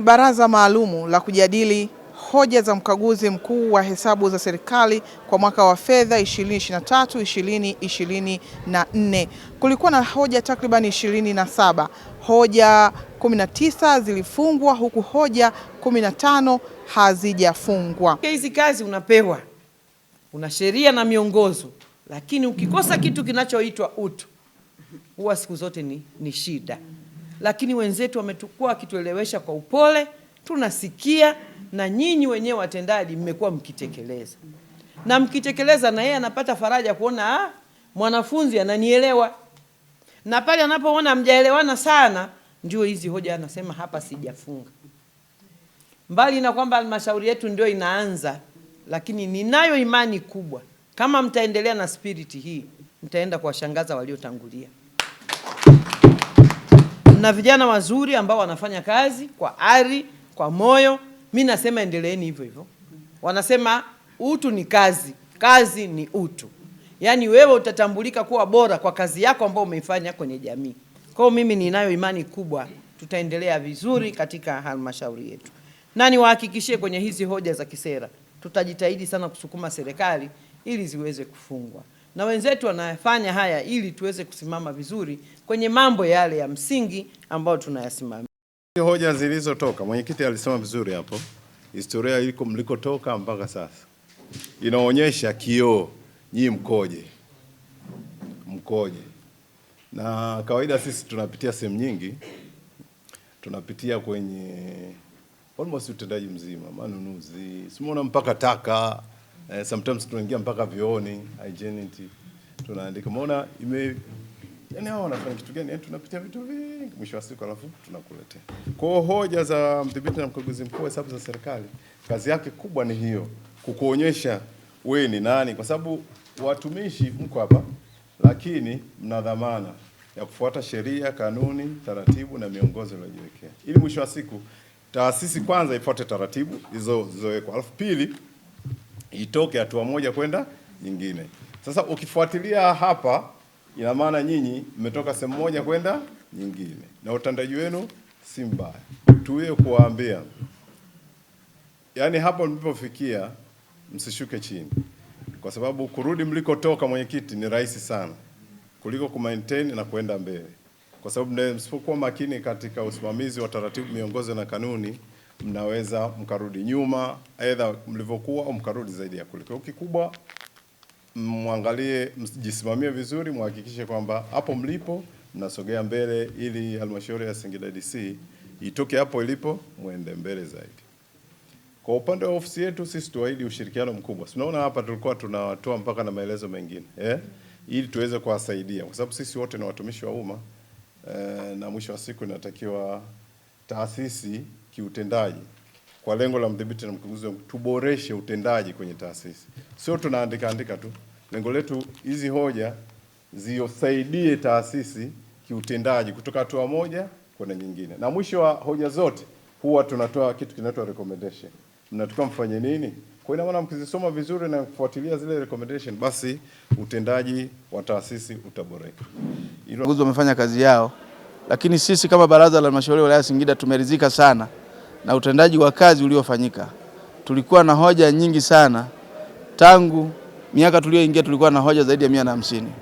baraza maalumu la kujadili hoja za mkaguzi mkuu wa hesabu za serikali kwa mwaka wa fedha 2023 2024. Kulikuwa na hoja takriban 27. Hoja 19 zilifungwa huku hoja 15 hazijafungwa. Hizi kazi unapewa, una sheria na miongozo, lakini ukikosa kitu kinachoitwa utu huwa siku zote ni, ni shida lakini wenzetu wametukua wakituelewesha kwa upole, tunasikia, na nyinyi wenyewe watendaji mmekuwa mkitekeleza, na mkitekeleza, na yeye anapata faraja kuona ah, mwanafunzi ananielewa. Na pale anapoona mjaelewana sana, ndio hizi hoja anasema hapa sijafunga. Mbali na kwamba halmashauri yetu ndio inaanza, lakini ninayo imani kubwa kama mtaendelea na spiriti hii, mtaenda kuwashangaza waliotangulia mna vijana wazuri ambao wanafanya kazi kwa ari, kwa moyo. Mi nasema endeleeni hivyo hivyo. Wanasema utu ni kazi, kazi ni utu. Yaani wewe utatambulika kuwa bora kwa kazi yako ambayo umeifanya kwenye jamii. Kwa hiyo mimi ninayo imani kubwa tutaendelea vizuri katika halmashauri yetu, na niwahakikishie kwenye hizi hoja za kisera tutajitahidi sana kusukuma serikali ili ziweze kufungwa na wenzetu wanafanya haya ili tuweze kusimama vizuri kwenye mambo yale ya msingi ambayo tunayasimamia. Hoja zilizotoka mwenyekiti alisema vizuri hapo, historia iko mlikotoka mpaka sasa inaonyesha kioo, nyii mkoje, mkoje. Na kawaida sisi tunapitia sehemu nyingi, tunapitia kwenye almost utendaji mzima, manunuzi, simuona mpaka taka eh, sometimes tunaingia mpaka vyooni identity tunaandika, umeona ime yani hao wanafanya kitu gani? Yani tunapitia vitu vingi, mwisho wa siku alafu tunakuletea. Kwa hiyo hoja za mdhibiti na mkaguzi mkuu hesabu za serikali, kazi yake kubwa ni hiyo, kukuonyesha we ni nani, kwa sababu watumishi mko hapa, lakini mna dhamana ya kufuata sheria, kanuni, taratibu na miongozo iliyojiwekea, ili mwisho wa siku taasisi kwanza ifuate taratibu hizo zilizowekwa, alafu pili itoke hatua moja kwenda nyingine. Sasa ukifuatilia hapa, ina maana nyinyi mmetoka sehemu moja kwenda nyingine, na utandaji wenu si mbaya. Tuwe kuwaambia yaani, hapo mlipofikia msishuke chini, kwa sababu kurudi mlikotoka, mwenyekiti, ni rahisi sana kuliko kumaintain na kuenda mbele, kwa sababu msipokuwa makini katika usimamizi wa taratibu, miongozo na kanuni mnaweza mkarudi nyuma aidha mlivyokuwa au mkarudi zaidi ya kule. Kwa kikubwa mwangalie, mjisimamie vizuri, mhakikishe kwamba hapo mlipo mnasogea mbele ili halmashauri ya Singida DC itoke hapo ilipo mwende mbele zaidi. Kwa upande wa ofisi yetu sisi tuahidi ushirikiano mkubwa. Tunaona hapa tulikuwa tunatoa mpaka na maelezo mengine eh, ili tuweze kuwasaidia kwa sababu sisi wote ni watumishi wa umma eh, na mwisho wa siku inatakiwa taasisi kiutendaji kwa lengo la mdhibiti na mkaguzi, tuboreshe utendaji kwenye taasisi, sio tunaandika andika tu. Lengo letu hizi hoja ziosaidie taasisi kiutendaji kutoka hatua moja kwenda nyingine, na mwisho wa hoja zote huwa tunatoa kitu kinaitwa recommendation. Mnatakiwa mfanye nini? Kwa ina maana mkizisoma vizuri na kufuatilia zile recommendation, basi utendaji wa taasisi utaboreka. Wamefanya kazi yao, lakini sisi kama baraza la halmashauri ya wilaya Singida tumeridhika sana na utendaji wa kazi uliofanyika. Tulikuwa na hoja nyingi sana tangu miaka tuliyoingia, tulikuwa na hoja zaidi ya mia na hamsini,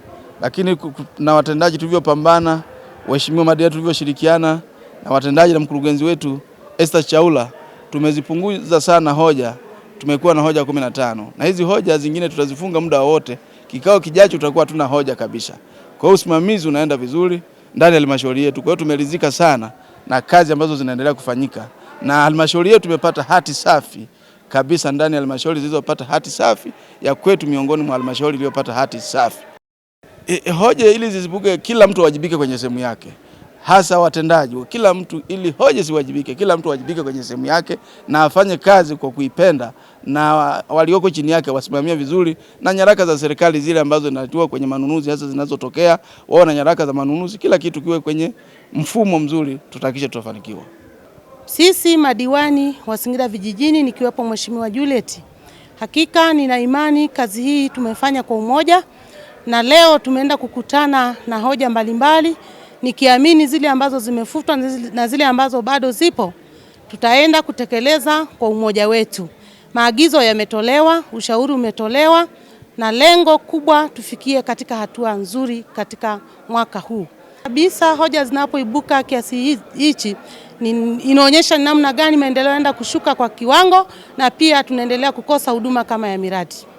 lakini na watendaji tulivyopambana, waheshimiwa madiwani tulivyoshirikiana na watendaji na mkurugenzi wetu Esther Chaula, tumezipunguza sana hoja. Tumekuwa na hoja kumi na tano na hizi hoja zingine tutazifunga muda wowote. Kikao kijacho tutakuwa tuna hoja kabisa. Kwa hiyo usimamizi unaenda vizuri ndani ya halmashauri yetu. Kwa hiyo tumeridhika sana na kazi ambazo zinaendelea kufanyika na halmashauri yetu tumepata hati safi kabisa ndani ya halmashauri zilizopata hati safi ya kwetu, miongoni mwa halmashauri iliyopata hati safi. E, e, hoja ili zizibuke, kila mtu awajibike kwenye sehemu yake, hasa watendaji. Kila mtu ili hoja siwajibike, kila mtu awajibike kwenye sehemu yake na afanye kazi kwa kuipenda, na walioko chini yake wasimamia vizuri, na nyaraka za serikali zile ambazo zinatiwa kwenye manunuzi, hasa zinazotokea wao na nyaraka za manunuzi, kila kitu kiwe kwenye mfumo mzuri, tutahakisha tutafanikiwa. Sisi madiwani wa Singida vijijini nikiwepo Mheshimiwa Juliet, hakika nina imani kazi hii tumefanya kwa umoja, na leo tumeenda kukutana na hoja mbalimbali, nikiamini zile ambazo zimefutwa na zile ambazo bado zipo tutaenda kutekeleza kwa umoja wetu. Maagizo yametolewa, ushauri umetolewa, na lengo kubwa tufikie katika hatua nzuri katika mwaka huu kabisa. Hoja zinapoibuka kiasi hichi inaonyesha ni namna gani maendeleo yanaenda kushuka kwa kiwango, na pia tunaendelea kukosa huduma kama ya miradi.